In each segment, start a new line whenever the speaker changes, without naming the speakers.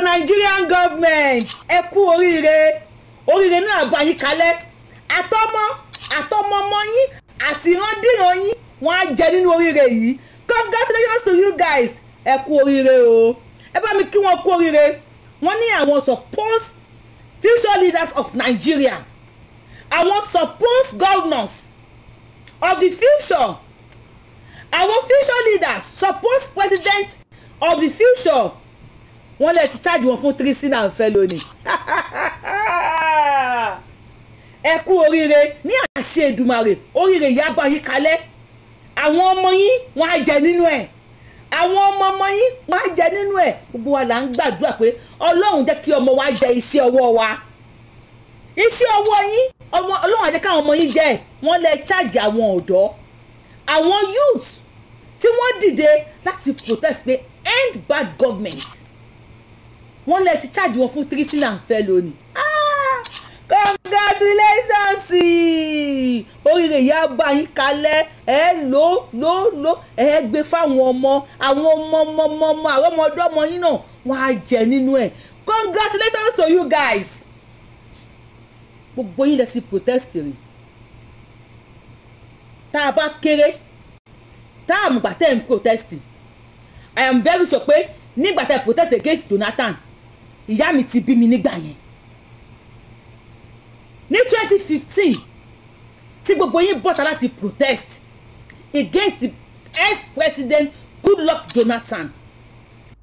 to Nigerian government ẹ kú oríire oríire náà bá yín kalẹ̀ àtọmọ àtọmọmọ yín àti ìrandíran yín wọ́n á jẹ nínú oríire yìí congratulations to you guys ẹ kú oríire o ẹ bá mi kí wọn kú oríire wọ́n ní àwọn suppose future leaders of Nigeria àwọn suppose governors of the future àwọn future leaders suppose president of the future wọ́n lè ti charge wọn fún three sin and fellow ni ẹ kú oríire ní àṣẹ Èdùmàrè oríire ìyàgbọ́ yín kalẹ̀ àwọn ọmọ yín wọ́n á jẹ nínú ẹ̀ àwọn ọmọ ọmọ yín wọ́n á jẹ nínú ẹ̀ gbogbo wa là ń gbàdúrà pé Ọlọ́run jẹ́ kí ọmọ wa jẹ iṣẹ́ ọwọ́ wa iṣẹ́ ọwọ́ yín ọmọ Ọlọ́run á jẹ́ káwọn ọmọ yín jẹ ẹ̀ wọ́n lè charge àwọn ọ̀dọ́ àwọn youth tí wọ́n dìde láti protest the end bad government wọ́n lè ti charge wọn fún three sílà ń fẹ́ lónìí ah, congratulations oríire ìyá bá yín kalẹ̀ ẹ lò lò lò ẹ gbé fáwọn ọmọ àwọn ọmọ ọmọ ọmọ ọmọ àwọn ọmọdé ọmọ yín náà wọ́n á jẹ nínú ẹ̀ congratulations to you guys gbogbo yín lè sí protest rìn tá a bá kéré tá a mọ̀gbà tẹ̀ ń protest i am very sure pé nígbà tẹ̀ protest against Jonathan ìyá mi ti bí mi nígbà yẹn ní twenty fifteen tí gbogbo yín bọ́ta láti protest against ex-president Goodluck Jonathan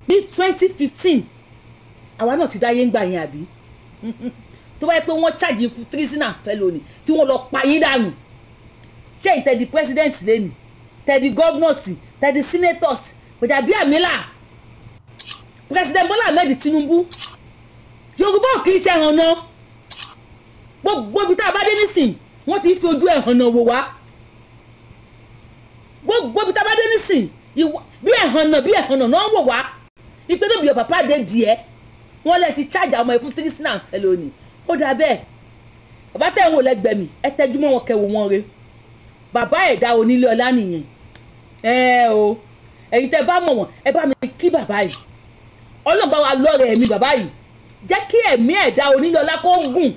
ní twenty fifteen àwa náà ti dáyé ń gbà yẹn àbí tó bá yẹ pé wọ́n charge fún treason and felony tí wọ́n lọ pa yín dànù ṣé ìtẹ̀dí president lẹ́nu tẹ̀dí governors tẹ̀dí senators gbèjà bíi àmìlà president Bola Ahmed Tinubu yorùbá kì í ṣe ẹ̀hànà gbogbo ibi tá a bá dé nísìn wọ́n ti ń fi ojú ẹ̀hànà wò wá gbogbo ibi tá a bá dé nísìn bí ẹ̀hànà bí ẹ̀hànà náà wò wá ìpè tóbi yóò bàbá dé díẹ̀ wọ́n lè ti ṣáàjà ọmọ ẹ̀ fún tírísínà àǹfẹ̀lẹ́ òní ó dà bẹ́ẹ̀ bàbá tẹ̀ ń wò lẹ́gbẹ̀ẹ́ mi ẹ tẹ́jú mọ́ wọn kẹwò wọn re bàbá ẹ̀dá onílé ọlá nìyẹn ẹ o ẹ̀yin tẹ́ bá mọ̀ wọ́n ẹ bá mi kí bàbá yìí ọlọ́ọ̀bá wa lọ́ọ̀rẹ́ mi bàbá yìí jẹ́ kí ẹ̀mí ẹ̀dá oníyọlá kó gùn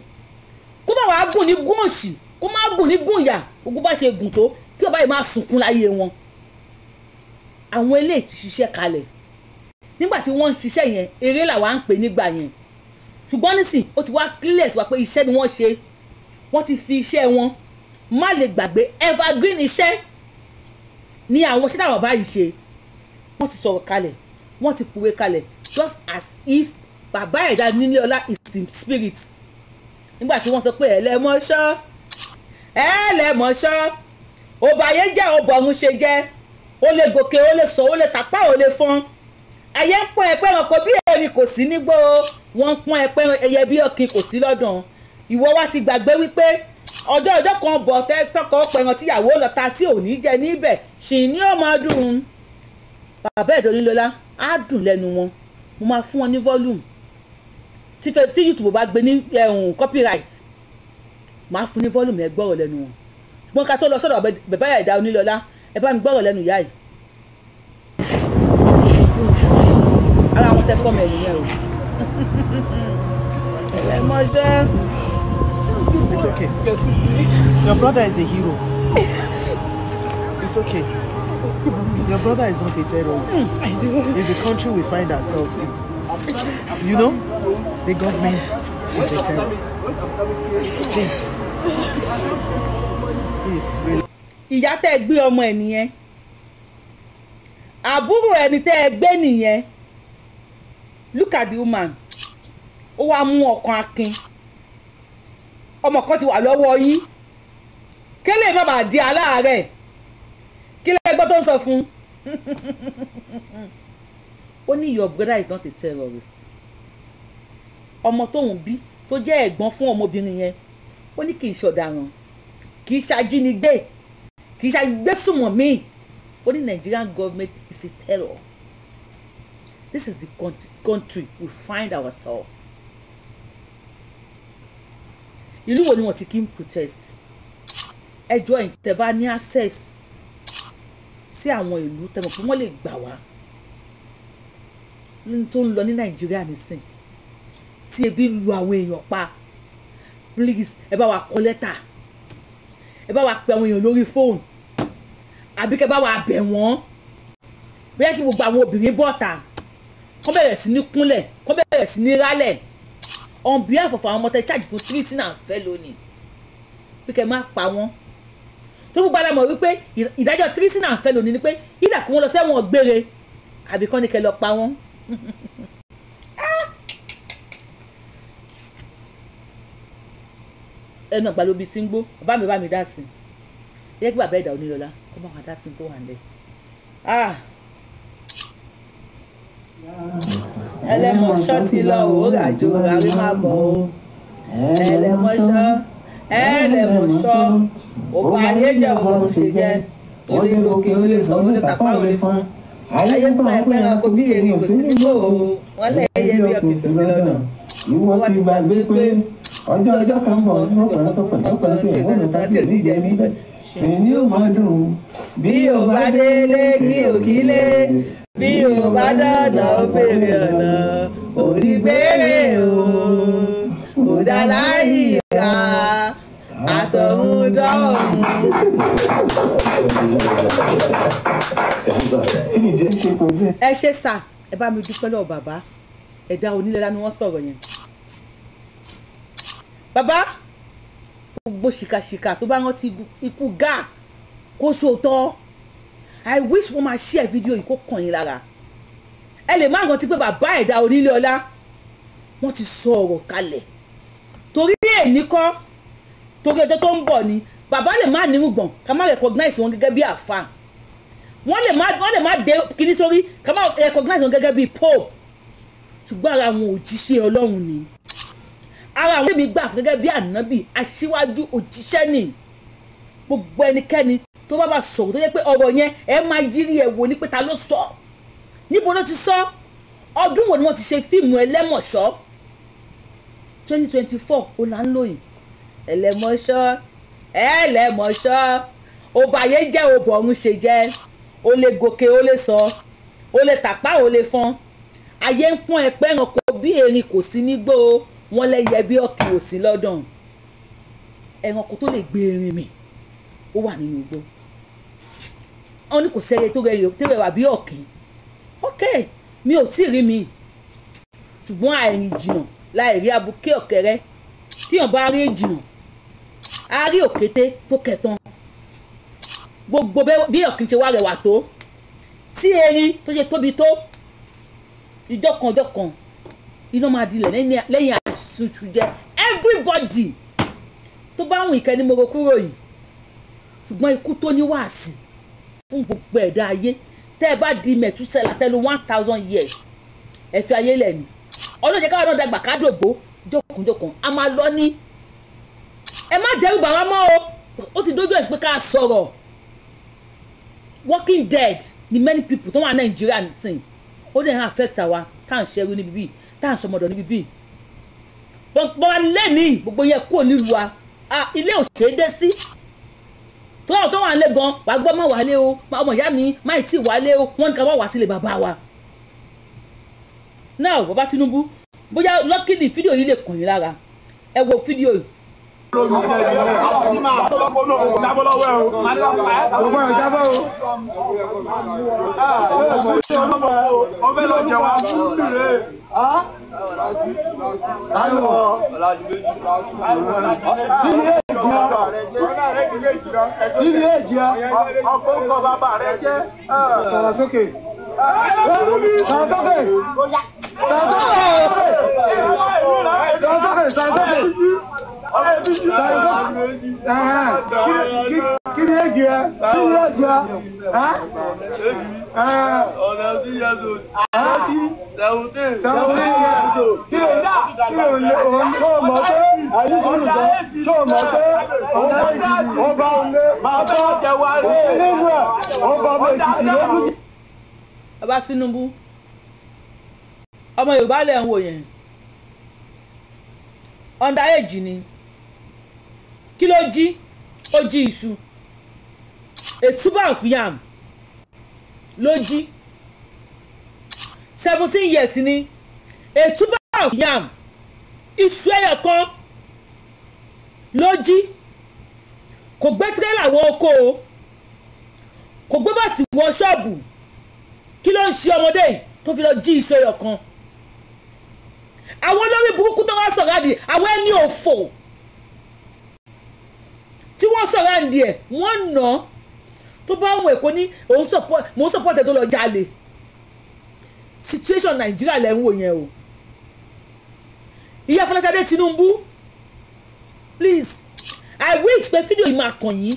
kó má wàá gùn ní gùn òṣì kó má gùn ní gùn ìyà ogun bá ṣe gùn tó kí ọba yìí má sunkún láyé wọn àwọn eléyìí ti ṣiṣẹ́ kalẹ̀ nígbà tí wọ́n ń ṣiṣẹ́ yẹn eré làwa ń pè nígbà yẹn ṣùgbọ́n nísìn ó ti wá clear sí wa pé iṣẹ́ ni wọ́n ṣe wọ́n ti fi iṣẹ́ wọn má lè gbàgbé evergreen iṣẹ́ ni àwọn iṣẹ́ táwọn báyìí ṣe wọ́n ti sọ̀rọ̀ kalẹ̀ wọ́n ti pòwe kalẹ̀ just as if bàbá ẹ̀dá nílé is in spirit nígbà tí wọ́n sọ pé ẹlẹ́mọ̀ṣọ́ ẹlẹ́mọ̀ṣọ́ ọba ayé jẹ́ ọba ọ̀run ṣe jẹ́ ó lè gòkè ó lè sọ ó lè tàpá ó lè fọ́n ẹyẹ ń pọ́n ẹpẹ́ ẹranko bí erin kò sí nígbó wọ́n ń pọ́n ẹpẹ́ ẹyẹ bí ọ̀kín kò sí lọ́dàn ìwọ wá ti gbàgbé wípé ọjọ́ ọjọ́ kan bọ̀ tọ́kọ pẹ̀ràn tíyàwó lọ́ta tí ò ní jẹ níbẹ̀ ṣì ní ọmọ ọdún bàbá ẹ̀dọ́ nílọ́lá á dùn lẹ́nu wọn mo máa fún wọn ní volume tí YouTube bá gbé ní copyright máa fún ní volume ẹ gbọ́rọ̀ lẹ́nu wọn ṣùgbọ́n ká tó lọ sọ́dọ̀ bàbá Ìyá Onílọ́lá ẹ bá mi gbọ́rọ̀ lẹ́nu ìyá yìí ara wọn tẹ fọ́ mi ẹ̀yìn yẹn o ẹ mọ ṣe. It's okay. Your brother is a hero. It's okay. Your brother is not a terrorist. Hmm, in the country we find ourselves in. You know, the government rejected this. This really. Ìyá tẹ́ ẹ gbé ọmọ ẹ nìyẹn. Àbúrò ẹni tẹ́ ẹ gbé nìyẹn. Look at the woman. Ó wá mú ọkàn akin. Ọmọ kan ti wà lọ́wọ́ yín. Kélé má bàa di aláàárẹ̀. Kí lẹ́gbọ́n tó ń sọ fún un? ó ní your brother is not a terrorist ọmọ tóun bí tó jẹ́ ẹ̀gbọ́n fún ọmọbìnrin yẹn ó ní kì í ṣọ̀daràn kì í ṣajínigbé kì í ṣagbésùmọ̀ míì ó ní Nigerian government is a terror this is the country we find ourselves ìlú wo ni wọ́n ti kí n protest ẹjọ́ ìtẹ̀bá ní access sí àwọn ìlú tẹ̀mọ̀ pé wọ́n lè gbà wá tó ń lọ ní nàìjíríà nísìn tí ebi ń lu àwọn èèyàn pa please ẹ bá wa kọ lẹ́tà ẹ bá wa pe àwọn èèyàn lórí fóònù àbí kẹ bá wa bẹ̀ wọ́n bóyá kí gbogbo àwọn obìnrin bọ́ta kọ́ bẹ̀rẹ̀ sí ní kúnlẹ̀ kọ́ bẹ̀rẹ̀ sí ní rálẹ̀ on behalf of àwọn ọmọ tẹ charge fún treason and felony pé kẹ́ máa pa wọ́n tó gbogbo alamọ̀ wípé ìdájọ́ treason and felony ni pé yídà kí lọ sẹ́wọ̀n gbére àbí kọ́ ni kẹ́ lọ pa wọ́n. Ah! ẹnu àgbàlóbi tí ń gbó bàbá mi bá mi dá sí i yẹ kí bàbá ẹ̀dá onílọ́lá kó má wàá dá sí i tó wà ń lẹ̀ ah! ẹlẹ́mọ̀ṣọ́ ti lọ wò àjò àrí máa bọ̀ o ẹlẹ́mọ̀ṣọ́ ẹlẹ́mọ̀ṣọ́ òpó ayé jẹ́ òun kò ṣe gòkè ó sọ ó tàpá ó fún un ayé pa ẹgbẹ́ran kò bí èrè kò sí nígbò o wọ́n lẹ̀ ẹyẹ bí ọ̀pìtì sí lọ́nà. ìwọ ti gbàgbé pé ọjọ́ ọjọ́ kan bọ̀ ní ọkùnrin tó pẹ̀lú ọkùnrin tí ìwọ́n lọ tá ní jẹ níbẹ̀. èmi ò máa dùn bí o bá délé kí o kílé bí o bá dọ̀dọ̀ ó béèrè ọ̀nà òrí béèrè o kò dá láyé ìyá àtọ̀hún dọ́ọ̀hún ẹ ṣe sà ẹ bá mi dúpẹ́ lọ́wọ́ bàbá ẹ̀dá onílẹ̀lá ni wọ́n sọ̀rọ̀ yẹn bàbá gbogbo ṣìkàṣìkà tó bá rántí ikú gáà kó sòótọ́ i wish wọ́n máa share fídíò yìí kó kàn yín lára ẹ lè má rántí pé bàbá ẹ̀dá onílé ọlá wọ́n ti sọ ọ̀rọ̀ kalẹ̀ torí èní kọ́ torí ọjọ́ tó ń bọ̀ ni bàbá lè má nírùgbọ̀n ká má recognize wọn gẹ́gẹ́ bí àfáà wọ́n lè má wọ́n lè má dé kíní sórí ká má recognize wọn gẹ́gẹ́ bíi pope ṣùgbọ́n ara àwọn òjíṣẹ́ ọlọ́run ni ara àwọn èmi gbà fún gẹ́gẹ́ bíi ànábì aṣíwájú òjíṣẹ́ ni gbogbo ẹnikẹ́ni tó bá bá sọ̀rọ̀ tó yẹ pé ọ̀rọ̀ yẹn ẹ máa yírí ẹ̀ wò ní pé ta ló sọ níbo ló ti sọ ọdún wo ni wọ́n ti ṣe fíìmù ẹlẹ́mọ̀ṣọ́ twenty twenty four ó là ń lò yìí ẹlẹ́mọ̀ṣọ́ ẹlẹ́mọ̀ṣọ́ òbàyé jẹ́ òbọ̀rún ṣe jẹ́ ó lè gòkè ó lè sọ ó lè tàpá ó lè fọn ayé ń pọ́n ẹ pé ẹranko bí erin kò sí nígbó wọn lẹ́yẹ bí ọ̀kì ò sí lọ́dàn ẹranko tó lè gbé erin mì ó wà nínú igbó wọn ní kò sẹ́yẹ tó rẹwà bí ọ̀kì ok mi ò tí ì rí mi ṣùgbọ́n àìrìn jìnnà láì rí abuké ọ̀kẹ́rẹ́ tíyàn bá rí jìnnà a rí òkété tó kẹtàn gbogbo bí ọ̀kìn ṣe wá rẹwà tó tí erin tó ṣe tóbi tó ìjọkànjọkàn iná máa dilẹ̀ lẹ́yìn àìsùtù jẹ everybody tó bá wùn ìkẹ́ni mo ro kúrò yìí ṣùgbọ́n ikú tó ní wáàsì fún gbogbo ẹ̀dá ayé tẹ́ ẹ bá di mẹ̀túsẹ̀lá tẹ́lu one thousand years ẹ fi ayé lẹ̀ ni ọlọ́run jẹ́ káwọn náà dàgbà ká dògbó jọkànjọkàn a máa lọ ní ẹ má dẹ́rù bàrá mọ́ o ó ti dójú ẹ̀ sí pé ká sọ̀rọ̀ working dead ni many people tó wà nàìjíríà nìsín ó dẹ̀ ń affect our? tá à ń ṣẹ́wé níbi bíi tá à ń ṣọmọdọ̀ níbi bíi bọ́ wa lẹ́nìí gbogbo yẹn kúrò nílùú wa ilé ò ṣeé dé sí tó wà tó wà lé gan wàá gbọ́ má wálé o ọmọ ìyá mi má ì tí ì wálé o wọ́n ní ká wá wá sílé bàbá wa. now bàbá Tinubu bóyá lọ́kìlì fídíò yìí lè kàn yín lára ẹ wo fídíò yìí ọkọ̀ bàbá rẹ jẹ́ sàràsókè sàràsókè sàràsókè sàràsókè sàràsókè kí ni èjì ẹ kí ni èjì ẹ ọ̀nà tí yẹ so àti seventeen seventeen yẹ so kí ni ìdá kí ni òun òun tó mọ̀ pé àyè sùúrù sọ tó mọ̀ pé òun bá ìsìn òun bá òun lé máa bá òun nínú ẹ̀ òun bá ọmọ ìsìn lójú. Bàbá Tinubu ọmọ Yorùbá lẹ̀ ń wò yẹn underage ni kí ló jí ó jí iṣu a tuber of yam ló jí seventeen years ni a tuber of yam iṣu ẹyọ kan ló jí kò gbé tírélà wọ oko o kò gbé bọ́ọ̀sì wọ ṣọ́ọ̀bù kí ló ń ṣe ọmọdé tó fi lọ jí iṣu ẹyọ kan àwọn olórí burúkú tó wá sọ̀rọ̀ àdì àwọn ẹni òfò tí wọ́n sọ̀rọ̀ àǹdí ẹ̀ wọ́n nà án tó bá wọn èkó ní support mò ń support ẹ̀ tó lọ jalè situation Nàìjíríà lẹ́ ń wò yẹn o ìyá Fọláṣadé Tinubu please I wish pé fídíò yìí máa kàn yín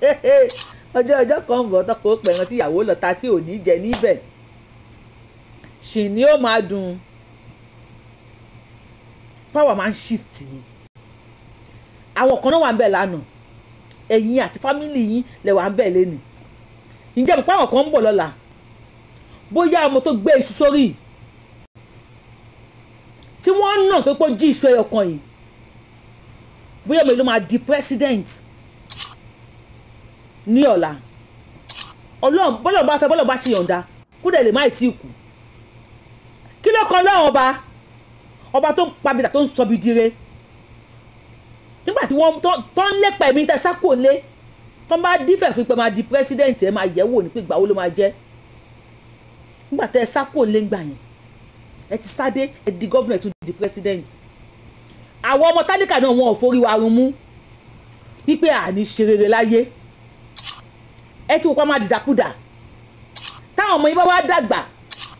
ọjọ́ ọjọ́ kan bọ̀ tọkọ pẹ̀ràn tí ìyàwó lọ́ta tí ò ní jẹ níbẹ̀ ṣì ni ó máa dùn power máa ń shift ni àwọn kan náà wà ń bẹ̀ lánàá ẹ̀yin àti fámìlì yín lẹ̀ wà ń bẹ̀ lẹ́nu ǹjẹ́ àpò àwọn kan ń bọ̀ lọ́la bóyá ọmọ tó gbé iṣu sórí tí wọ́n nà tó pọ̀ jí iṣu ẹyọ kan yìí bóyá mi ló máa di president ní ọ̀la ọlọ́run bọ́lọ̀ bá fẹ́ bọ́lọ̀ bá ṣe yọ̀ǹda kúdẹ̀ lè má ì tí ì kú kí ló kọ́ ọlọ́run ọba ọba tó ń pa bìtà tó ń sọ bi dire nígbà tí wọ́n tó ń lépa ẹ̀mí tẹ sákò lé tó ń bá dífẹ̀ fún pé máa di president ẹ̀ máa yẹ̀ wò ní pé ìgbà wo ló máa jẹ́ nígbà tẹ sákò lé ńgbà yẹn ẹ ti sáde ẹ di gọ́vnà tún di president àwọn ọmọ tálíkà náà wọn ò forí wa run mú wípé àní ṣe rere láyé ẹ ti wò pa máa dìdàkudà táwọn ọmọ yìí bá wá dàgbà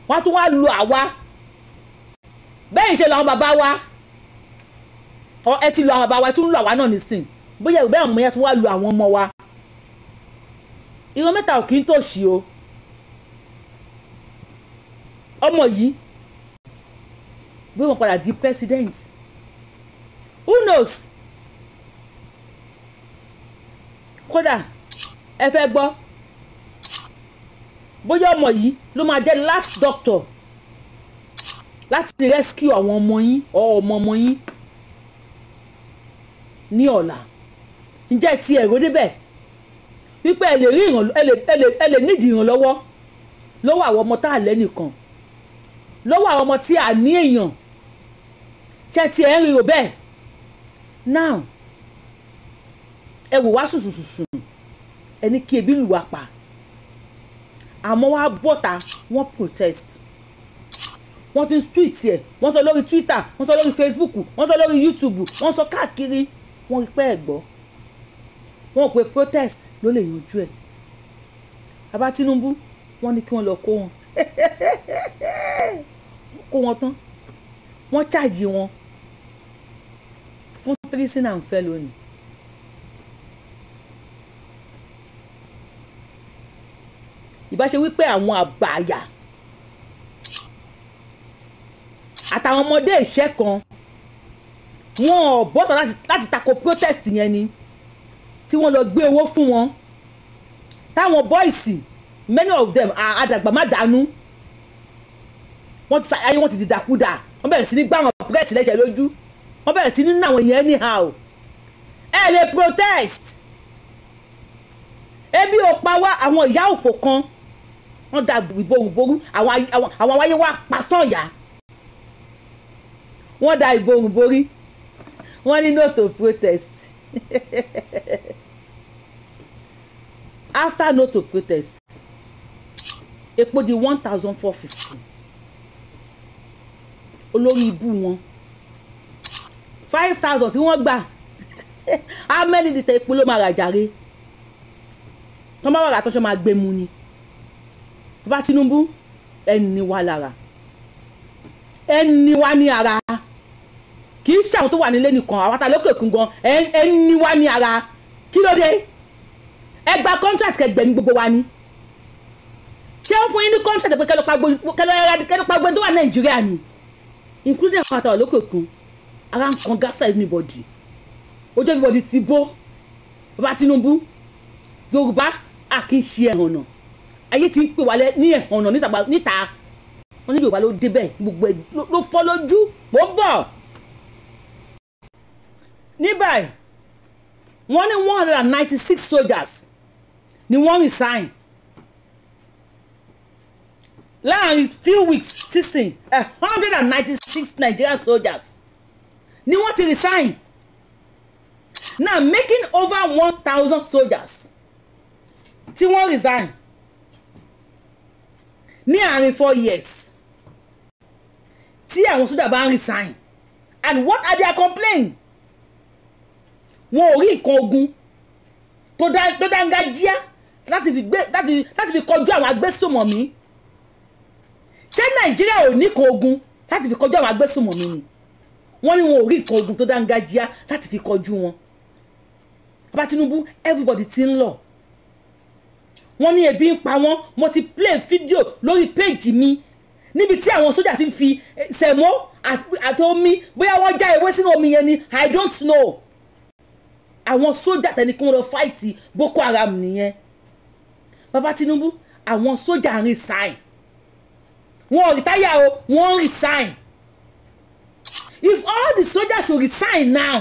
wọ́n á tún wá lu àwa bẹ́ẹ̀ ń ṣe làwọn bàbá wa ẹ ti lu àwọn bàbá wa ẹ tún lu àwa náà nísìn bóyá ìgbẹ́ àwọn ọmọ yẹn tún wá lu àwọn ọmọ wa irun mẹ́ta ò kì í tòṣì o ọmọ yìí bí wọ́n padà di president who knows kódà ẹ fẹ́ gbọ́ bóyá ọmọ yìí ló máa jẹ́ last doctor láti rescue àwọn ọmọ yín ọ ọmọ ọmọ yín ní ọ̀la ǹjẹ́ ti ẹ̀rọ débẹ̀ wípé ẹ lè rí ẹ lè nídìí ìrànlọ́wọ́ lọ́wọ́ àwọn ọmọ tá à lẹ́nìkan lọ́wọ́ àwọn ọmọ tí à ní èèyàn ṣe ti ẹ̀ ń rí o bẹ́ẹ̀ now ẹ wò wá sùsùsùsù ẹni kí ebi lù wá pa àmọ́ wá bọ́ta wọ́n protest wọ́n ti ń tweet ẹ̀ wọ́n sọ lórí Twitter wọ́n sọ lórí Facebook wọ́n sọ lórí YouTube wọ́n sọ káàkiri wọ́n pẹ́ ẹ̀ gbọ́ wọ́n pe protest ló lè yanjú ẹ̀ bàbá Tinubu wọ́n ní kí wọ́n lọ kó wọn kó wọn tán wọ́n ṣáàjì wọn fún treason and felony ìbáṣe wípé àwọn àbàyà àtàwọn ọmọdé ìṣẹ́ kan wọn ò bọ́tọ̀ láti tako protest yẹn ni tí wọ́n lọ gbé owó fún wọn táwọn bọ́ìsì many of them are àdàgbàmádàánú wọ́n ti ayé wọn ti dìdàkudà wọ́n bẹ̀rẹ̀ sí ní gbá àwọn protest lẹ́sẹ̀ lójú wọ́n bẹ̀rẹ̀ sí ní nà àwọn èèyàn anyhow ẹ lè protest ebi ò pa wá àwọn ìyá òfò kan wọ́n da ìbòrùnbòrùn àwọn wáyé wá pa sọ̀yà wọ́n da ìbòrùnbòrùn wọ́n ní no to protest after no to protest epo di one thousand four fifty olórí ibú wọn five thousand tí wọ́n gbà how many litre epo ló máa rà jàre tọ́ bá wà rà tọ́ṣọ́ máa gbé mu ni bàbá Tinubu ẹni wa lára ẹni wa ní ara kì í ṣàwọn tó wà nílé nìkan àwọn àtàlókè kún gan ẹ ń ní wá ní ara kí ló dé ẹ gba contract kẹgbẹ̀mí gbogbo wa ni ṣé wọ́n fún yín ní contract pé kẹ́lọ́ pa gbẹ́ni tó wà nàìjíríà ni including àwọn àtàlókè kún ara ń kan gásà everybody ojú everybody ti bó bàbá Tinubu Yorùbá a kì í ṣe ẹ̀hànà ayé ti ń pè wálé ní ẹ̀hànà níta wọn ní Yorùbá ló débẹ̀ gbogbo ẹ̀ ló fọ́ lójú mò ń bọ̀ ní báyìí wọ́n ní one hundred and ninety six soldiers ni wọ́n resign láàrin few weeks sísìn a hundred and ninety six Nigerian soldiers ni wọ́n ti resign now making over one thousand soldiers tí wọ́n resign ní àárín four years tí àwọn sójà bá ń resign and what are their complaints wọn ò rí nǹkan ogun tó dángájíá láti fi gbé láti láti fi kọjú àwọn agbésùmọ̀mí ṣé nàìjíríà ò ní nǹkan ogun láti fi kọjú àwọn agbésùmọ̀mí ni wọ́n ní wọn ò rí nǹkan ogun tó dángájíá láti fi kọjú wọn bàbá Tinubu everybody ti ń lọ wọ́n ní ebi ń pa wọ́n mo ti play fídíò lórí péèjì mi níbi tí àwọn sójà ti ń fi eh, sẹ̀mó àti omi bóyá wọ́n já ewé sínú omi yẹn ni I don't know àwọn sójà tẹni kí wọ́n lọ fáìtì Boko Haram nìyẹn bàbá Tinubu àwọn sójà resign wọn ò rìtáyà o wọ́n resign if all the soldiers should resign now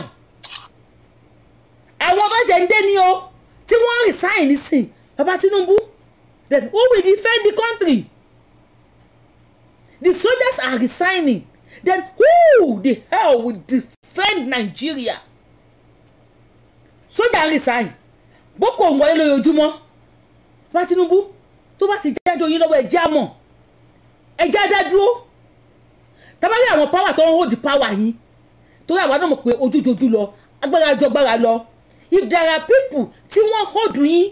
àwọn ọba jẹ ń dé ni o tí wọ́n resign nísìn bàbá Tinubu then who will defend the country the soldiers are resigning then who the hell will defend Nigeria sójà ń resign boko ń wọlé lójoojúmọ́ bá Tinubu tó bá ti jáde oyin lọ́wọ́ ẹ̀jẹ̀ àmọ̀ ẹ̀jẹ̀ adádúró tábàlì àwọn pàwà tó ń hold power yìí torí àwa náà mọ̀ pé ojújojú lọ agbára jọgbára lọ if there are people tí wọ́n hold yín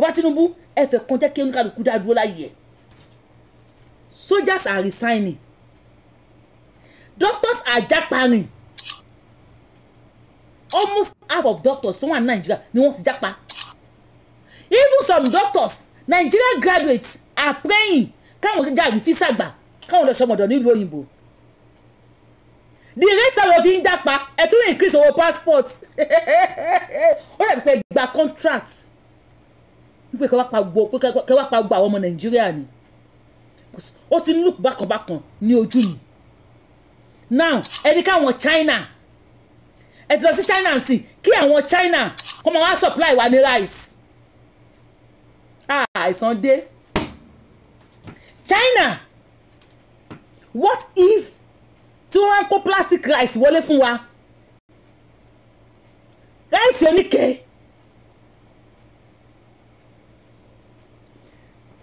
bá Tinubu ẹ fẹ́ kan jẹ́ kí oníkàlùkù dá dúró láyè soldiers are resigning doctors are japaning almost half of doctors someone wà ní nàìjíríà ni wọ́n ti jápa even some doctors nigerian graduates are praying káwọn gíga àrífísà gbà káwọn lọ sọmọdọ nílùú òyìnbó the rate àwọn fi ń jápa ẹ tún increase owó passport ó dàbí pé gba contract wípé kẹwàá pa gbogbo kẹwàá pa gbogbo àwọn ọmọ nàìjíríà ni ó ti ń look bákan bákan ní ojú mi now ẹni káwọn china ẹ ti lọ sí China sí kí àwọn China kó máa wá supply wa ní rice ah, àìsàn dé China what if tí wọ́n kó plastic rice wọlé fún wa rice oníke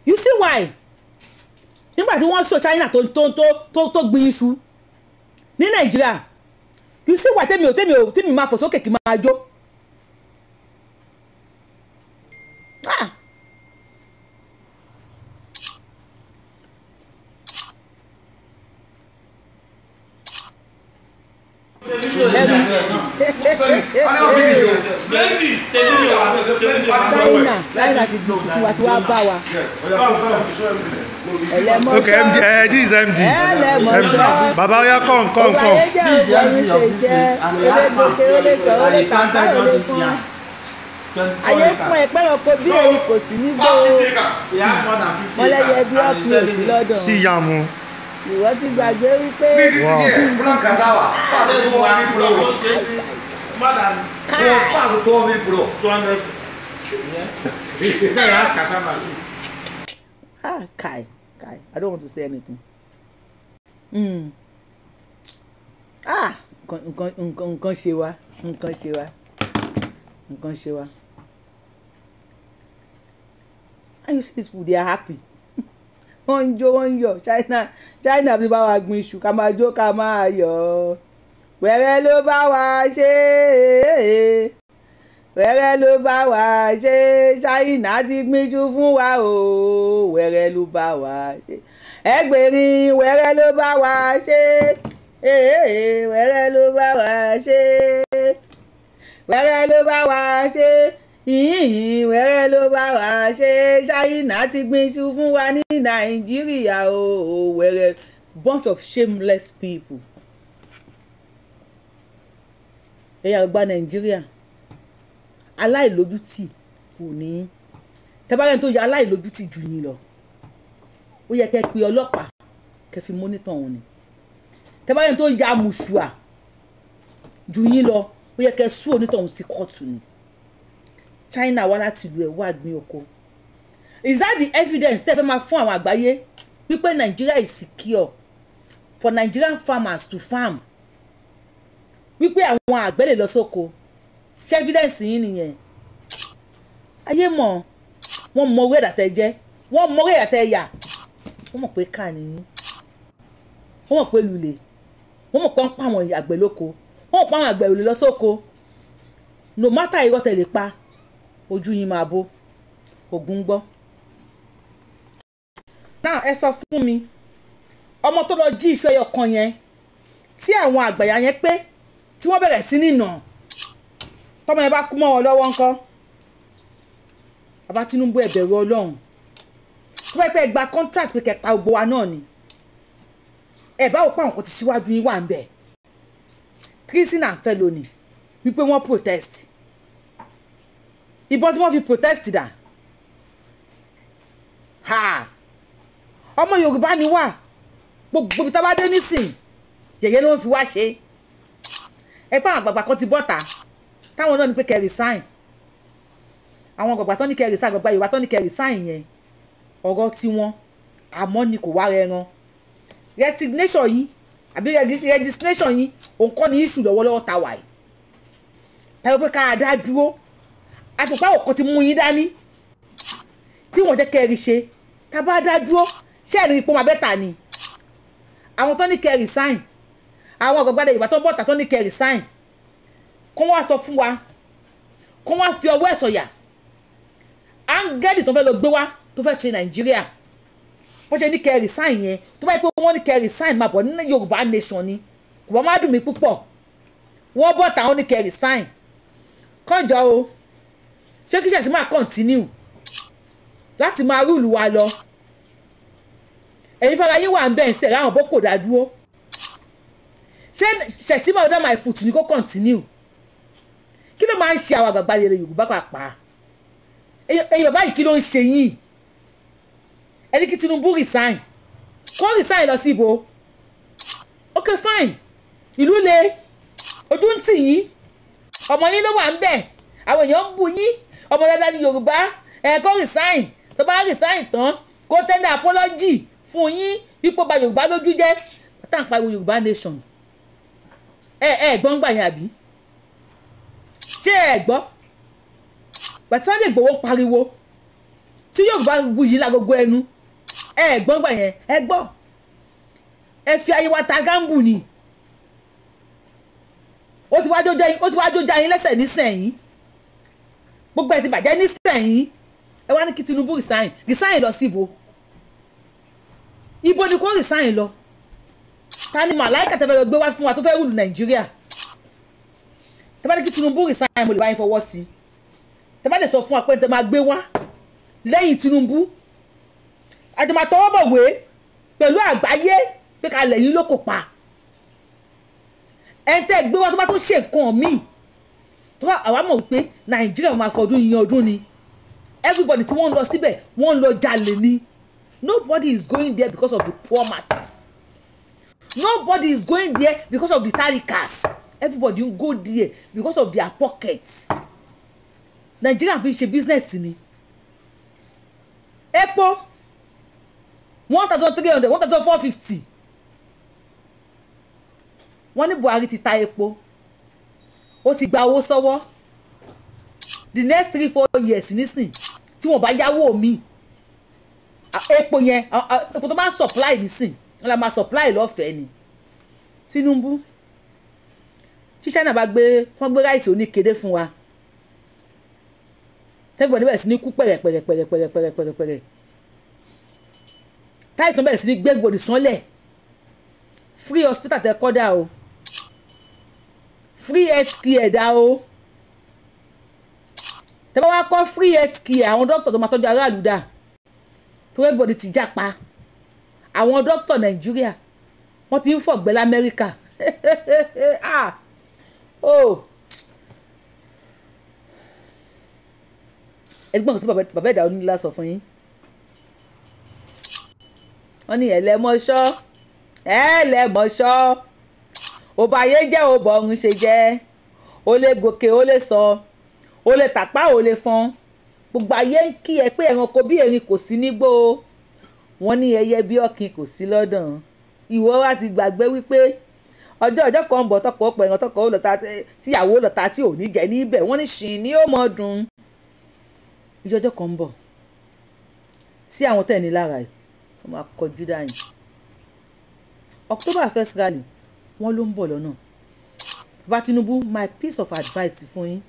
you see why nígbà tí wọ́n sọ China tó tó tó tó gbin iṣu ní Nàìjíríà You see Ah. kì í sì wà tèmi ò tèmi ò tèmi máa fò sókè kì í máa jó. Ah! China China ti gbogbo wa ti wá bá wa okay md uh, eh, this is md md baba oya come come come. ayé fún ẹ pẹ́rọ kó bí èyí kò sí ní gbòòrò mọ́lẹ́yẹ bí ọ̀pìn òsì lọ́dọ̀. síyàmù ìwọ ti gbàgbé wípé. kai. Kai, I don't want to say anything. Mm. Ah, nǹkan nǹkan nǹkan ṣe wa, nǹkan ṣe wa, nǹkan ṣe wa. And you see these people, they are happy. Wọ́n ń jó wọ́n yọ̀ China China bí bá wa gbin iṣu ká máa jó ká máa yọ̀ wẹ́rẹ́ ló bá wa ṣe é wẹ́rẹ́ ló bá wa ṣe ṣáínà ti gbìnjú fún wa o wẹ́rẹ́ ló bá wa ṣe ẹgbẹ̀rin wẹ́rẹ́ ló bá wa ṣe wẹ́rẹ́ ló bá wa ṣe wẹ́rẹ́ ló bá wa ṣe yìnyín wẹ́rẹ́ ló bá wa ṣe ṣáínà ti gbìnjú fún wa ní nàìjíríà o wẹ́rẹ́ bunch of shameless people. ẹ̀yà gba nàìjíríà. Hey, aláìlójútì kò ní tẹ́bárẹ́ni tó yẹ aláìlójútì jù yín lọ ó yẹ kẹ́ pe ọlọ́pàá kẹ́ fi mọ́nítọ̀ òun ni tẹ́bárẹ́ni tó ya mùsùà jù yín lọ ó yẹ kẹ́ sún onítọ̀hún sí kóòtù ni China wá láti ìlú ẹ̀ wá gbin oko is that the evidence tẹ́ fẹ́ máa fún àwọn àgbáyé wípé Nigeria is secure for Nigerian farmers to farm wípé àwọn àgbẹ̀ lè lọ sóko. So ṣé evidence yín nìyẹn ayé mọ̀ wọ́n mọ orí ẹ̀dàtẹ̀ jẹ́ wọ́n mọ orí ẹ̀dàtẹ̀ yà wọ́n mọ̀ pé ká nìyí wọ́n mọ̀ pé lulẹ̀ wọ́n mọ̀ pé ń pa àwọn àgbẹ̀ lóko wọ́n mọ̀ pé àwọn àgbẹ̀ ò lọ sóko no matter irọ́ tẹ̀ lè pa ojú yín máa bó ògùn gbọ́. náà ẹ sọ fún mi ọmọ tó lọ jí iṣu ẹyọ kan yẹn tí àwọn àgbàyà yẹn pé tí wọ́n bẹ̀rẹ̀ sí nínà. No tọ́mọ yẹn bá kú mọ́ wọn lọ́wọ́ ńkọ́ bàbá Tinubu ẹ bẹ̀rù Ọlọ́run tó bá pẹ́ gba contract pé kẹta gbogbo wa náà ni ẹ bá òpá nǹkan ti síwájú yín wà ń bẹ̀ treason and felony wípé wọ́n protest ìbọn tí wọ́n fi protest dà ọmọ Yorùbá ni wà gbogbo ibi tá a bá dé nísìn yẹ̀yẹ́ ló ń fi wá ṣe ẹ pé àwọn àgbààgbà kan ti bọ́ta táwọn náà ní pé kẹ́ resign àwọn gbàgbà tó ní kẹ́ resign gbàgbà yorùbá tó ní kẹ́ resign yẹn ọ̀rọ̀ tiwọn àmọ́ ni kò wá rẹran resignation yìí àbí registration yìí òun kọ́ ni issue lọ́wọ́lọ́wọ́ ta wà yìí pé ká a dá dúró àtùpá ọkọ̀ ti mú yín dání tí wọ́n jẹ́ kẹ́rì ṣe tá a bá dá dúró ṣé ẹ̀rí ipò máa bẹ́tà ni àwọn tó ní kẹ́rì sáìn àwọn àgbàgbà yorùbá tó ń bọ̀ tà tó ní kẹ́rì sáìn kó wá sọ fún wa kó wá fi ọwọ́ ẹ̀ sọ̀yà áńgẹ́lì tó fẹ́ lọ gbé wá tó fẹ́ ṣe nàìjíríà bó ṣe ní kẹ́ resign yẹn tó bá yẹ pé wọ́n ní kẹ́ resign máa bọ̀ ní yorùbá nation ni kò bá má dùn mí púpọ̀ wọ́n bọ̀ táwọn ní kẹ́ resign kànjọ́ o ṣé kí ṣẹ̀sì máa continue láti máa rúùlù wa lọ ẹ̀yin fara yín wà ń bẹ̀ ń sẹ̀ láwọn boko dá dúró ṣé ṣẹ̀tìmọ̀ ọ̀dọ́ my foot ni kó continue kí ló máa ń ṣe àwọn àgbààgbà ilẹ̀ yorùbá pàápàá èyàn báyìí kí ló ń ṣe yín ẹni kí tinubu resign kó resign lọ sí ibo ok fine ìlú le ojú ń tì yín ọmọ yín ló wà ń bẹ̀ àwọn èèyàn ń bu yín ọmọ dáadáa ní yorùbá ẹ̀ kó resign tó bá resign tán kó tẹ́lẹ̀ apology fún yín ipò ba yorùbá lójú jẹ́ tá à ń pariwo yorùbá nation ẹ ẹ gbọ́ngbà yẹn àbí ṣé ẹ gbọ́ bàtí Sunday Igboho pariwo tí Yorùbá Wuyì lágogo ẹnu ẹ gbọ́n gbà yẹn ẹ gbọ́ ẹ fi ayé wa ta gáǹbù ni ó ti wá jó já yín lẹ́sẹ̀ nísẹ̀yìn gbogbo ẹ̀ ti bàjẹ́ nísẹ̀yìn ẹ wá ní kí Tinubu resign resign lọ síbo ibo ni kò resign lọ ta ni màláìka tẹ́fẹ́ lọ gbé wá fún wa tó fẹ́ rúlu Nàìjíríà tẹ bá ní kí Tinubu resign mo lè bá yín fọwọ́ sí tẹ bá lè sọ fún wa pé tẹ máa gbé wá lẹ́yìn Tinubu àti máa tọwọ́ bọ̀wé pẹ̀lú àgbáyé pé ká lẹ̀yìn ló kò pa ẹni tẹ́ gbé wá tó bá tún ṣe nǹkan míì tó bá àwa mọ̀ pé Nàìjíríà máa fọdún yín ọdún ni everybody tí wọ́n ń lọ síbẹ̀ wọ́n ń lọ jalè ni nobody is going there because of the poor masses nobody is going there because of the tarikas everybody ń go there because of their pocket Nigeria fi ṣe business ni epo one thousand three hundred one thousand four fifty wọ́n ní Buhari ti ta epo ó ti gba owó sọ́wọ́ the next three four years nísìn tí wọ́n bá yáwó mi epo yẹn epo tó bá ń supply nísìn wọ́n la máa supply lọ́fẹ̀ẹ́ ni Tinubu tí China bá gbé wọ́n gbé ráìsì oníkéré fún wa tẹ́gbọ̀n níbẹ̀ sí ní kú pẹ̀rẹ̀pẹ̀rẹ̀pẹ̀rẹ̀pẹ̀rẹ̀pẹ̀rẹ̀ táìsàn bẹ̀rẹ̀ sí ní gbẹ́gbòdì sánlẹ̀ free hospital tẹ kọ́ dà o free health care dà o tẹ bá wá kọ́ free health care àwọn dókítà tó máa tọ́jú aráàlú dà tó everybody ti jápa àwọn dókítà nàìjíríà wọ́n ti ń fọ̀gbẹ́ lamẹ́ríkà ah oh ẹgbọn tí bàbá ẹ̀dá onílá sọ fún yín wọ́n ní ẹlẹ́mọ̀ṣọ́ ẹlẹ́mọ̀ṣọ́ òbá ayé jẹ́ òbọ̀ ọ̀run ṣe jẹ́ ó lè gòkè ó lè sọ ó lè tàpá ó lè fọn gbogbo ayé ń kí ẹ pé ẹranko bí erin kò sí nígbó wọ́n ní ẹyẹ bí ọ̀kín kò sí lọ́dàn ìwọ wá ti gbàgbé wípé ọjọ́ ọjọ́ kan ń bọ̀ tọkọ̀ pẹ̀lú tọkọ̀ lọ́ta tíyàwó lọ́ta tí ò ní jẹ níbẹ̀ wọ́n ní ṣìn ní ó mọ dùn ìjọ ọjọ́ kan ń bọ̀ tí àwọn tẹ̀ ní lára yìí tó máa kọjú dáyìn October first rally wọ́n ló ń bọ̀ lọ́nà bàbá Tinubu my piece of advice fún yín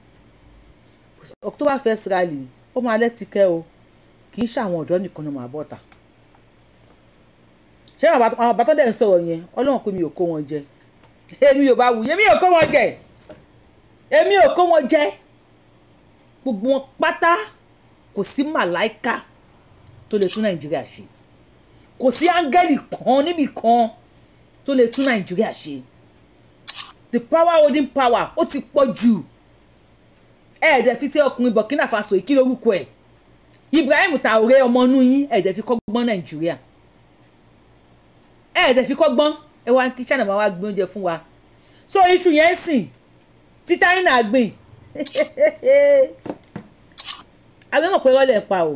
October first rally ó máa lẹ́tìkẹ́ o kì í ṣàwọn ọ̀dọ́ nìkan ló máa bọ̀ ta ṣé àwọn àbátọ́dẹ̀ ń sọ̀rọ̀ yẹn ọlọ́run pé mi ò kó wọn jẹ èmi ò bá wùyí èmi ò kó wọn jẹ èmi ò kó wọn jẹ gbogbo wọn pátá kò sí màláìka tó lè tún nàìjíríà ṣe kò sí áńgẹ́lì kan níbì kan tó lè tún nàìjíríà ṣe the power holding power ó ti pọ̀ jù ẹ̀ẹ́dẹ̀ fi tẹ́ ọkùnrin burkina faso èkí lórúkọ ẹ̀ ibrahim traoré ọmọ inú yín ẹ̀ẹ́dẹ̀ fi kọ́gbọ́n nàìjíríà ẹ̀ẹ́dẹ̀ fi kọ́gbọ́n ẹ wá kí China máa wá gbé oúnjẹ fún wa so iṣu yẹn sìn tí China gbìn àwọn mọ̀ pé wọ́n lè pa o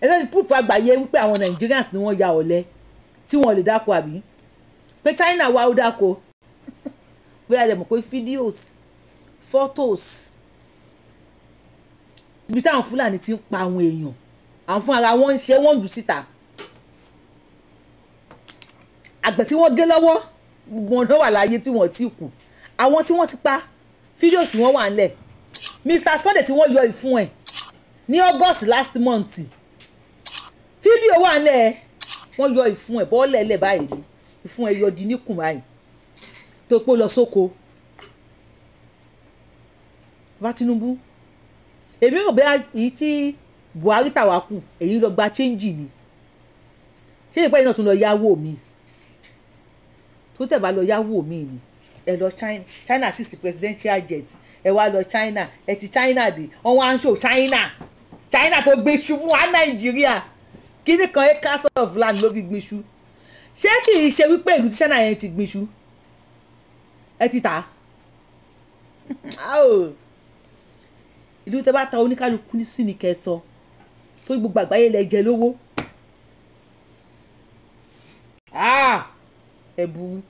ẹ fẹ́ púpù àgbáyé wípé àwọn Nigerians ni wọ́n ya ọ̀lẹ tí wọ́n lè dáko àbí pé China wá ó dáko pé a lè mọ̀ pé videos photos ibi táwọn Fúlàní ti ń pa àwọn èèyàn àwọn fún ara wọn ń ṣe wọ́n jù síta àgbẹ̀ tí wọ́n gé lọ́wọ́ wọn náà wà láàyè tí wọ́n ti kú àwọn tí wọ́n ti pa fídíò sí wọn wà ńlẹ̀ Mr Sunday tí wọ́n yọ ìfun ẹ̀ ní August last month fídíò wà ńlẹ̀ wọ́n yọ ìfun ẹ̀ bọ́ọ̀lẹ̀ ẹ̀lẹ̀ báyìí ni ìfun ẹ̀ yọ di níkùn báyìí tó pé lọ sóko bá Tinubu èmi rò bẹ́ẹ̀ èyí tí Buhari tàwa kù èyí lọ gba chẹ́ńjì ni ṣé ìpẹ́ iná tún lọ yáwó mi tó tẹ̀ bá lọ yáwó mi ni ẹ lọ China China six presidential jet ẹ wá lọ China ẹ ti China dé ọwọ́n à ń ṣò China China tó gbé ṣubú wá Nàìjíríà kíní kan castle of land ló fi gbin ṣu ṣé kì í ṣe wípé ìlú China yẹn ti gbin ṣu ẹ ti tà á ìlú tẹ bá ta oníkálukú sí ni kẹ sọ tó gbogbo àgbáyé lẹ jẹ lówó. Ah! ẹ burú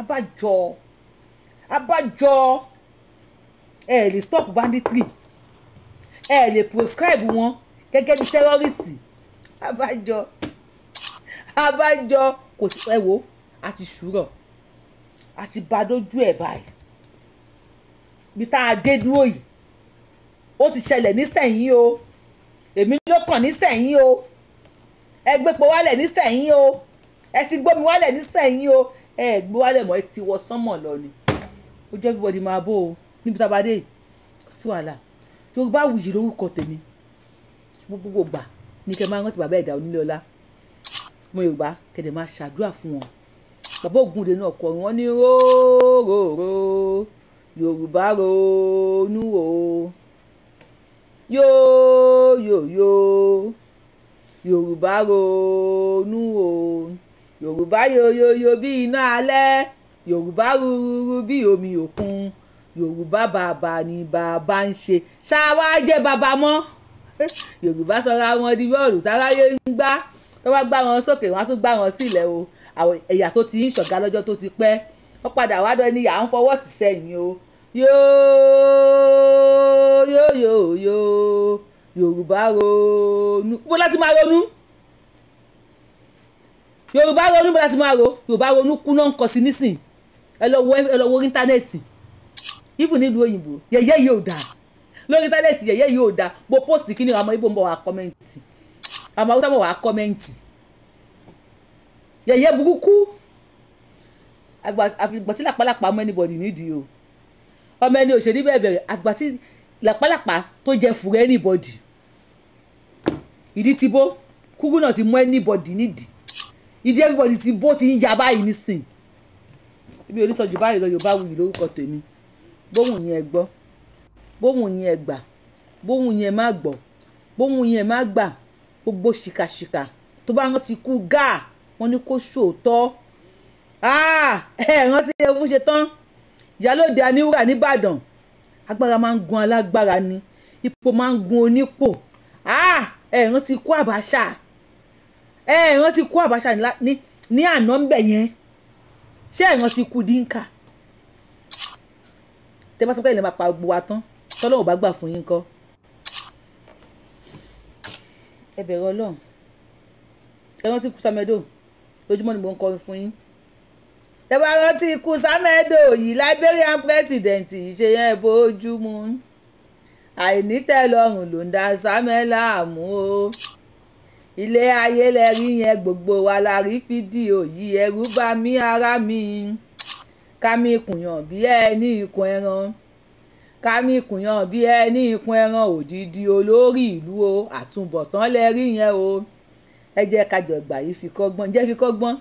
abájọ abájọ ẹ lè stop banditry ẹ lè proscribe wọn gẹ́gẹ́ bí tẹ́rọ́rìsì abájọ abájọ kò sí ẹ wo àti ṣùrọ̀ àti badójú ẹ̀ báyìí bí tá a dé dúró yìí ó ti ṣẹlẹ̀ nísẹ̀yìn o èmi ló kàn nísẹ̀yìn o ẹgbẹ́ pọ̀ wálẹ̀ nísẹ̀yìn o ẹ ti gbómi wálẹ̀ nísẹ̀yìn o ẹ gbó wálẹ̀ mọ́ ẹ ti wọ sánmọ̀ lọ ni ó jẹ́ everybody máa bó o níbi tá a bá dé sí wàhálà yorùbá wùyí lórúkọ tèmi gbogbo gbà ní kẹ́ máa rántí bàbá ẹ̀dá onílé ọlá ọmọ yorùbá kẹ̀dẹ̀ máa ṣàdúrà fún wọn bàbá ògúndé náà kọ wọn ní róòróró yorùbá ronú o yóòyòyò yorùbá ronú o. Yo, yo, yo yorùbá yoyoyo bí iná alẹ́ yorùbá rúrúrú bí omi òkun yorùbá bàbà ni bàbá ń ṣe ṣáwá jẹ́ bàbá mọ́ yorùbá sọra wọn di bọ́ọ̀lù táráyé ń gbá tó bá gbá wọn sókè wọn á tún gbá wọn sílẹ̀ o àwọn ẹ̀yà tó ti ń ṣọ̀gá lọ́jọ́ tó ti pẹ́ wọ́n padà wá dọ́ ní à ń fọwọ́ tì sẹ́yìn o yóò yóò yóò yorùbá ronú bó láti máa ronú yorùbá ronú bá láti máa ro yorùbá ronú kú náà ń kọ sí nísìn ẹ lọ wo ẹ lọ wo íńtánẹ́ẹ̀tì even nílùú òyìnbó yẹ̀yẹ́ yìí ò dáa lórí íńtánẹ́ẹ̀tì yẹ̀yẹ́ yìí ò dáa bó post kí ni àwọn ibo ń bọ̀ wá kọ́mẹ́ǹtì àwọn haúsá bọ̀ wá kọ́mẹ́ǹtì yẹ̀yẹ́ burúkú àfìgbà tí làpálàpá mọ anybody nídìí o ọmọ ẹni òṣèlú bẹ́ẹ̀ bẹ̀rẹ̀ àfìgbà tí làpálàpá tó jẹ fùrẹ́ anybody ìdí ti bó kúrú náà ti mọ anybody nídìí ìdí everybody ti bó ti ń ya báyìí nísìn ibi onísọjù báyìí lọ yorùbá wuyì lórúkọ tèmi bóhùn yẹn gbọ́ bóhùn yẹn gbà bóhùn yẹn má gbọ́ bóhùn yẹn má gbà gbogbo ṣìkàṣìkà tó bá rántí kú gáà wọ́n ní kó ṣòótọ́ ah! ẹ rántí ewu ṣe tán ìyálòde aníwúrà nìbàdàn agbára máa ń gun alágbára ni ipò máa ń gun onípò ah! ẹ rántí kú àbáṣà ẹ ẹ wọ́n ti kú Abacha ní ní àná ńbẹ̀ yẹn ṣé ẹ̀wọ̀n ti kú dínkà tẹ́ bá sọ pé ilẹ̀ máa pa gbogbo wa tán tọ́lọ́wọ́ bá gbà fún yín kọ́ ẹ bẹ̀rẹ̀ ọlọ́run ẹ rántí kú sàmẹ́dò lójúmọ́ ni mo ń kọrin fún yín ẹ bá rántí kú sàmẹ́dò yìí Liberian president yìí ṣe yẹn bójúmu àìnítẹ́lọ́rùn ló ń da sàmẹ́ láàmú o ilé ayé lẹ rí yẹn gbogbo wa la rí fídíò yìí ẹ̀rù bá mi ara mi ká mi kùyàn bí ẹni ikùn ẹran ká mi kùyàn bí ẹni ikùn ẹran òdìdí olórí ìlú o àtúbọ̀tán lẹ rí yẹn o ẹ jẹ́ ká jọ̀gbà yìí fi kọ́gbọ́n jẹ́ fi kọ́gbọ́n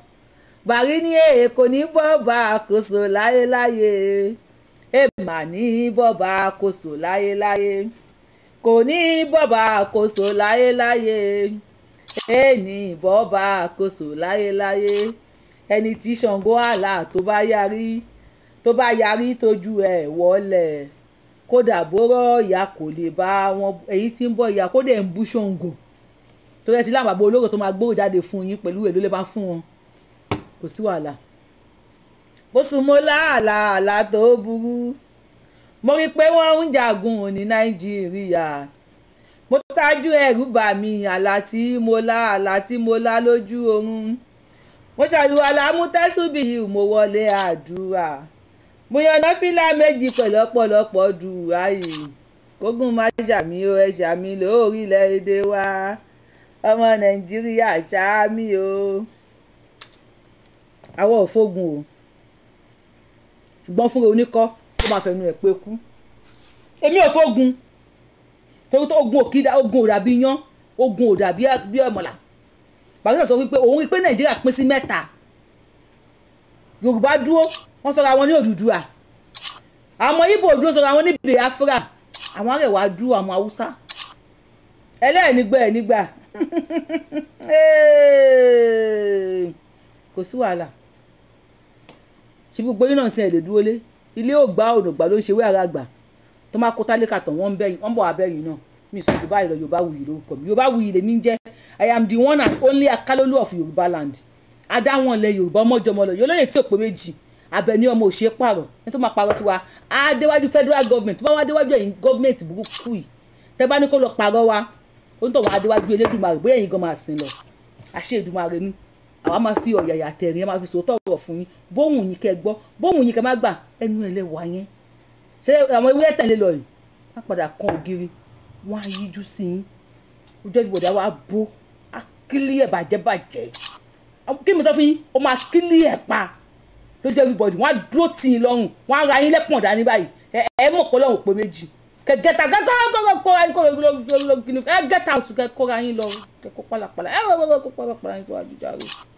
bàrí ní èè kò ní bọ́ọ̀bà àkóso láyéláyé èèmà ní bọ́ọ̀bà àkóso láyéláyé kò ní bọ́ọ̀bà àkóso láyéláyé éèní ìbọn bá àkóso láyéláyé ẹni tí sango allah tó bá yarí tó bá yarí tójú ẹ̀ wọlé kódà bóró ìyá kò lè bá wọn èyí tí ń bọ ìyá kódà ń bú ṣòǹgò tó yẹ ti láwọn àbò olóró tó máa gbóhùn jáde fún yín pẹ̀lú èlò lè máa fún wọn kò sí wàhálà. mo sùn mo láàlà àlá tó burú mo rí i pé wọ́n ń jagun ní nàìjíríà mo tájú ẹ̀rù bà mí àlá tí mo lá àlá tí mo lá lójú oorun mo ṣàlùwàlá mú tẹ́sùbìyì mo wọlé àdúrà mo yan nọ́fìlà méjì pẹ̀lú ọ̀pọ̀lọpọ̀ dùúrà yìí kógún má ṣàmì o ẹ ṣàmì lórílẹ̀‐èdè wa ọmọ nàìjíríà ṣáámi o àwọn ò o ṣùgbọ́n fúnra oníkọ́ ó máa fẹnu ẹ̀ pé kú èmi ò torí tó ogun òkìdá ogun ò dàbí yán ogun ò dàbí bí ọmọlà pàṣẹ sọ wípé òun rí pé nàìjíríà pín sí mẹ́ta yorùbá dúró wọ́n sọra wọn ní òdùdúà àwọn ibo dúró sọra wọn ní biafra àwọn arẹwà dúró àwọn haúsá ẹlẹ́ẹ̀nigbà ẹ̀nigbà kò sí wàhálà ṣé gbogbo yín náà sin ẹ̀ lè dúró lé ilé ògbà òdògbà ló ń ṣe wé ara àgbà tó máa kó tálíkà tán wọ́n bẹ̀yìn wọ́n bọ̀ wá náà mi sọ yorùbá ìlọ yorùbá wuyì lórúkọ mi yorùbá wuyì lèmi ń jẹ́ i am the one and only akálólú of yorùbá land adáwọn ilẹ̀ yorùbá ọmọjọmọlọ yọlọ́rẹ̀ tí ò méjì abẹni ọmọ òṣè pààrọ̀ ní tó máa pààrọ̀ tiwa adéwájú federal government tó bá wá adéwájú ẹ̀yìn government burúkú yìí tẹ́ bá ní kó lọ pààrọ̀ wa ó ń tọ̀ wá adéwájú elédùnmarè bóyá ẹ̀yin gan máa sìn lọ àṣẹ èdùnmarè ni àwa máa fi ọ̀yàyà tẹ̀rín ẹ máa fi sòótọ́ ọ̀rọ̀ fún yín bóhùn yín kẹ́ gbọ́ bóhùn yín kẹ́ má gbà ẹnu ẹlẹ́wàá yẹn ṣé àwọn ewé tẹ̀lé lọ yìí má padà kan ògiri wọ́n á yíjú sí yín ojú ìbòdà wa bó á kílí ẹ̀ bàjẹ́bàjẹ́ kí mi sọ fún yín ó máa kílí ẹ̀ pa lójú everybody wọ́n á dúró tì yín lọ́rùn wọ́n á ra yín lẹ́pọ̀n dání báyìí ẹ ẹ mọ̀ pé lọ́rùn pé méjì kẹ gẹta gẹgọ gẹgọ kóra yín kóra yín kóra yín lọ kẹ gẹta ọ̀tún kẹ kóra yín lọ kẹ kó pàlàpàlà ẹ wọ́n wọ́n pàlàpàlà yín sọ àjùjà rẹ.